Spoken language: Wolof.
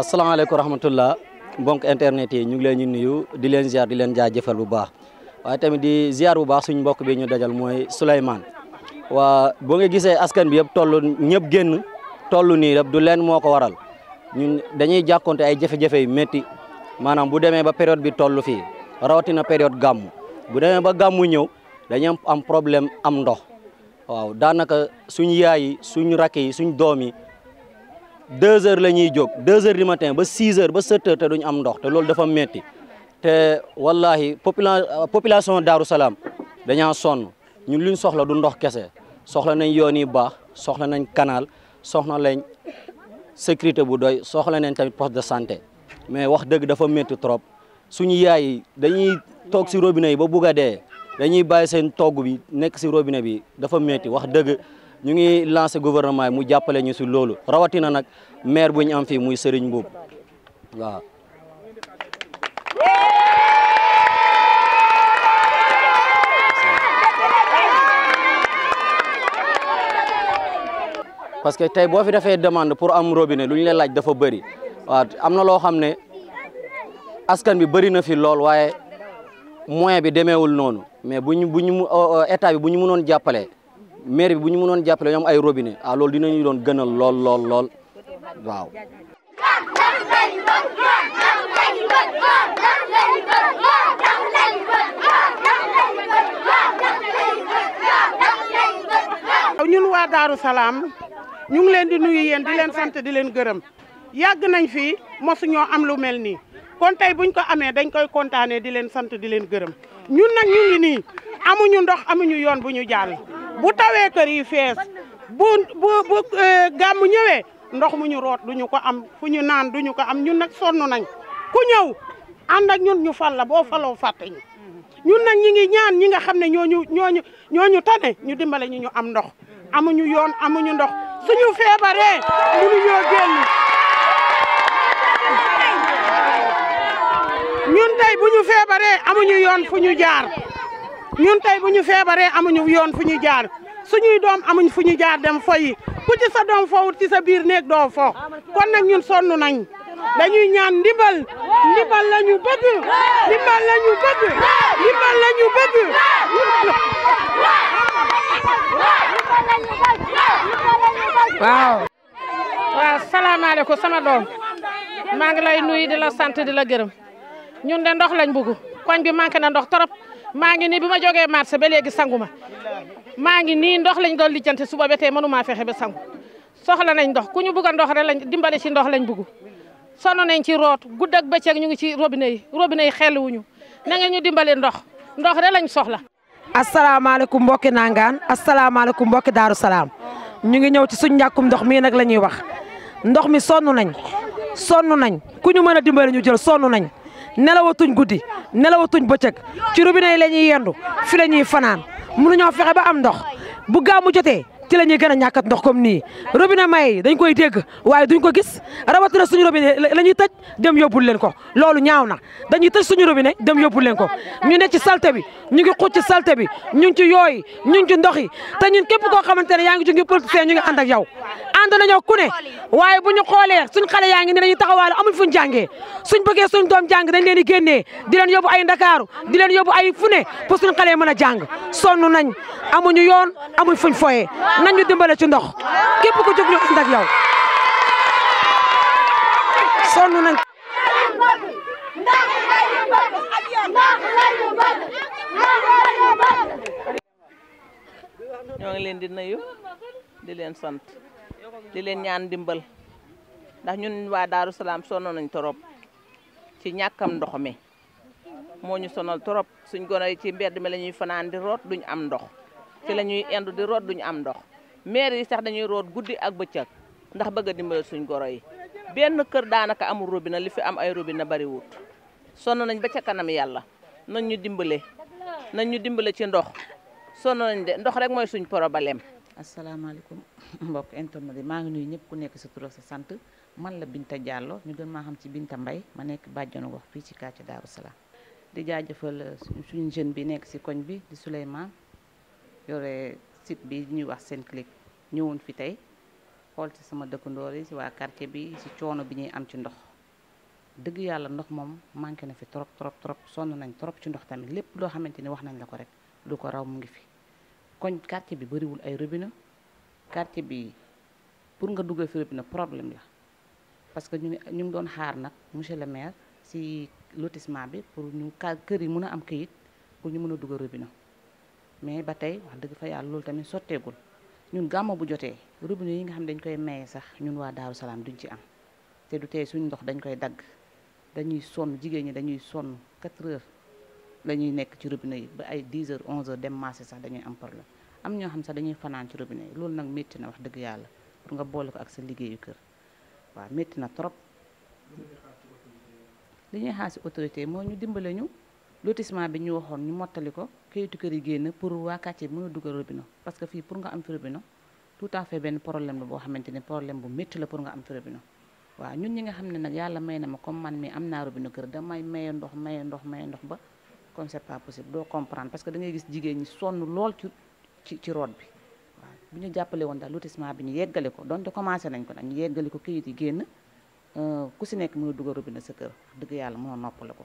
asalaamaaleykum rahmatullah mbokk internet yi ñu ngi leen ñu nuyu di leen ziar di leen jaajëfal bu baax waaye tamit di ziar bu baax suñ mbokk bi ñu dajal mooy Souleymane waa boo nga gisee askan bi yëpp toll ñëpp génn toll nii rek du leen moo ko waral ñun dañuy jàkkonte ay jafe-jafe yu métti maanaam bu demee ba période bi toll fii rawatina période gàmmu bu demee ba gàmmu ñëw dañu am problème am ndox waaw daanaka suñ yaay yi suñ rakk yi suñ doom yi deux heures la ñuy jóg deux heures du ba six heures ba sept heures te duñ am ndox te loolu dafa metti te wallahi popula population Darou Salaam dañaa sonn ñun luñ soxla du ndox kese soxla nañ yoon yi baax soxla nañ canal soxla nañ sécurité bu doy soxla nañ tamit poste de santé mais wax dëgg dafa métti trop suñu yaay yi dañuy toog si robinet yi ba bugg a dee dañuy bay seen togg bi nekk si robinet bi dafa métti wax dëgg ñu ngi lancé gouvernement mu jàppale ñu si loolu rawatina nag maire bu ñu am fii muy Serigne Mboup waaw. parce que tey boo fi defee demande pour am robine lu ñu la laaj dafa bëri waaw am na loo xam ne askan bi bëri na fi lool waaye moyen bi demeewul noonu mais bu ñu bu ñu euh, euh, bi bu ñu mënoon jàppale. maire bu ñu noon jàppale ñoom ay robinet ah loolu dinañu doon gënal lool lool lool waaw. ñun waa Daaru Salaam ñu ngi leen di nuyu yéen di leen sant di leen gërëm yàgg nañ fi mosuñoo am lu mel nii kon buñ ko amee dañ koy kontaanee di leen sant di leen gërëm ñun nag ñu ngi amuñu ndox amuñu yoon bu ñu jaal bu tawee kër yi fees bu bu bu e, ñëwee ndox mu ñu root duñu ko am fu ñu naan duñu ko am ñun nag sonn nañ ku ñëw ànd ak ñun ñu fal la boo faloo fàtte ñu nag ñi ngi ñaan ñi nga xam ne ñooñu ñooñu ñooñu tane ñu dimbale ñu ñu am ndox amuñu yoon amuñu ndox ñu feebaree mënu ñoo génn ñun tey bu ñu feebaree amuñu yoon fu ñu jaar ñun tey bu ñu feebaree amuñu yoon fu ñu jaar suñuy doom amuñ fu ñu jaar dem foyi ku ci sa doom fowut ci sa biir néeg doo fo kon nag ñun sonn nañ dañuy ñaan ndimbal ndimbal la ñu bëgg ndimbal la bëgg ndimbal la bëgg waaw waaw salaamaaleykum sama doom maa ngi lay nuyu di la sant di la gërëm ñun de ndox lañ bëgg koñ bi manqué na ndox trop maa ngi nii bi ma jogee marché ba léegi sanguma maa ngi nii ndox lañ doon lijjanti suba ba tey mënumaa fexe ba sangu soxla nañ ndox ku ñu bugg a ndox rek lañ dimbale ci ndox lañ bugg sonn nañ ci root gudd ak bëccëg ñu ngi ci robinet yi robinet yi na ngeen ñu dimbale ndox ndox rek lañ soxla. asalaamaaleykum mbokki Nangaan asalaamaaleykum mbokki Daaru Salaam ñu ngi ñëw ci suñ ñàkkum ndox mii nag la ñuy wax ndox mi sonn nañ sonn nañ ku ñu mën a dimbale ñu jël sonn nañ tuñ guddi nelawatuñ bëccëg ci robinet yi la ñuy yendu fi la ñuy fanaan mënuñoo fexe ba am ndox bu gàmmu jotee ci la ñuy gën a ñàkkat ndox comme nii robine robinet may dañ koy dégg waaye duñ ko gis rawatina suñu robinet la ñuy tëj dem yóbbul leen ko loolu ñaaw na dañuy tëj suñu robine dem yóbbul leen ko ñu ne ci salte bi ñu ngi xucc ci salte bi ñu ngi ci yooyu ñu ngi ci ndox yi te ñun képp koo xamante ne yaa ngi ci ngi politicien ñu ngi ànd ak yow ànd nañoo ku waaye bu ñu xoolee suñ xale yaa ngi ne dañuy taxawaalu amuñ fuñ jàngee suñ bëggee suñ doom jàng dañ leen di génnee dileen leen yóbbu ay ndakaaru di leen yóbbu ay fu ne pour suñ xale yi mën a jàng sonn nañ amuñu yoon amuñ fuñ foyee nañ ñu dimbale ci ndox képp ku jóg ñu ànd ak yow leen di nuyu di leen sant di leen ñaan dimbal ndax ñun waa Daaru Salaam sonnoon nañ torop ci ñàkkam ndox mi moo ñu sonal torop suñ gone yi ci mbedd mi la ñuy fanaan di root duñ am ndox ci la ñuy indu di root duñu am ndox maire yi sax dañuy root guddi ak bëccëg ndax bëgg a dimbale suñ goro yi benn kër daanaka amul robinet li fi am ay robinet bariwut sonn nañ ba ca kanam yàlla nañ ñu dimbale nañ ñu dimbale ci ndox sono nañ de ndox rek mooy suñ problème asalaamaaleykum mbokk internet yi maa ngi nuyu ñëpp ku nekk sa tur sa sant man la Binta Diallo ñu gën maa xam ci Binta Mbay ma nekk bàjjanu gox fii ci quartier Daaru Salaam di jaajëfal euh, suñu jeune bi nekk si koñ bi di Souleymane yore sit bi ñuy wax clique ñëwoon fi tey xool ci sama dëkkandoor yi si waa quartier bi si coono bi ñuy am ci ndox dëgg yàlla ndox moom manqué na fi trop trop trop sonn nañ trop ci ndox tamit lépp doo xamante ni wax nañ la ko rek lu ko raw mu ngi fi koñ quartier bi bëriwul ay robinet quartier bi pour nga dugal fi robinet problème la parce que ñu ngi ñu ngi doon xaar nag monsieur le maire si lotissement bi pour ñu kër yi mun a am kayit pour ñu mën a dugal robine mais ba tey wax dëgg fa yàlla loolu tamit sotteegul ñun gàmmo bu jotee robinet yi nga xam dañ koy maye sax ñun waa Daaru Salaam duñ ci am te du tey suñu ndox dañ koy dagg dañuy sonn jigéen ñi dañuy sonn 4 heures la ñuy nekk ci robinet yi ba ay 10 heures 11 heures dem marché sax dañuy am problème am ñoo xam sax dañuy fanaan ci robinet yi loolu nag metti na wax dëgg yàlla pour nga boole ko ak sa liggéeyu kër waaw metti na trop li ñuy xaar si autorité moo ñu dimbale ñu lotissement bi ñu waxoon ñu mottali ko kayitu kër yi génn pour waa quartier bi mën a dugal parce que fii pour nga am fi robinet tout à fait benn problème la boo xamante ne problème bu métti la pour nga am fi robinet waaw ñun xam ne nag yàlla may na ma comme man mi am naa robinet kër damay maye ndox maye ndox maye ndox ba kon c'est pas possible doo comprendre parce que da ngay gis jigéen ñi sonn lool ci ci root bi waaw bu ñu jàppale woon daal lotissement bi ñu yeggale ko donte commencé nañ ko nag ñu yeggale ko kayit yi génn euh, ku si nekk mën a dugal robinet sa kër dëgg yàlla mën a noppale ko